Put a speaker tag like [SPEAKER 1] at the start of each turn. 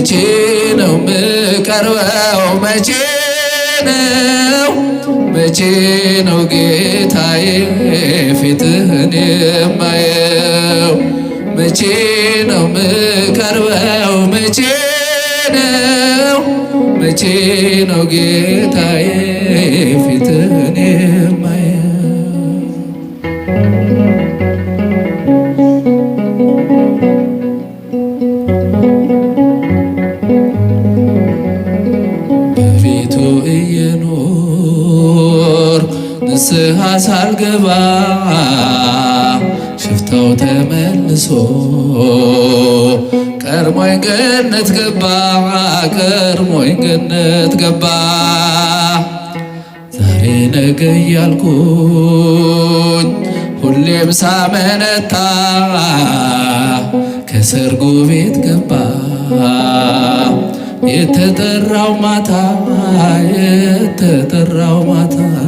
[SPEAKER 1] መቼ ነው ምቀርበው? መቼ ነው መቼ ነው ጌታዬ ፊትህን የማየው? መቼ ነው ምቀርበው? መቼ ነው መቼ ነው ጌታዬ
[SPEAKER 2] ንስሐ ሳልገባ ሽፍታው ተመልሶ ቀርሞኝ ገነት ገባ ቀርሞኝ ገነት ገባ ዛሬ ነገ እያልኩኝ ሁሌም ሳመነታ ከሰርጉ ቤት ገባ የተጠራው ማታ የተጠራው ማታ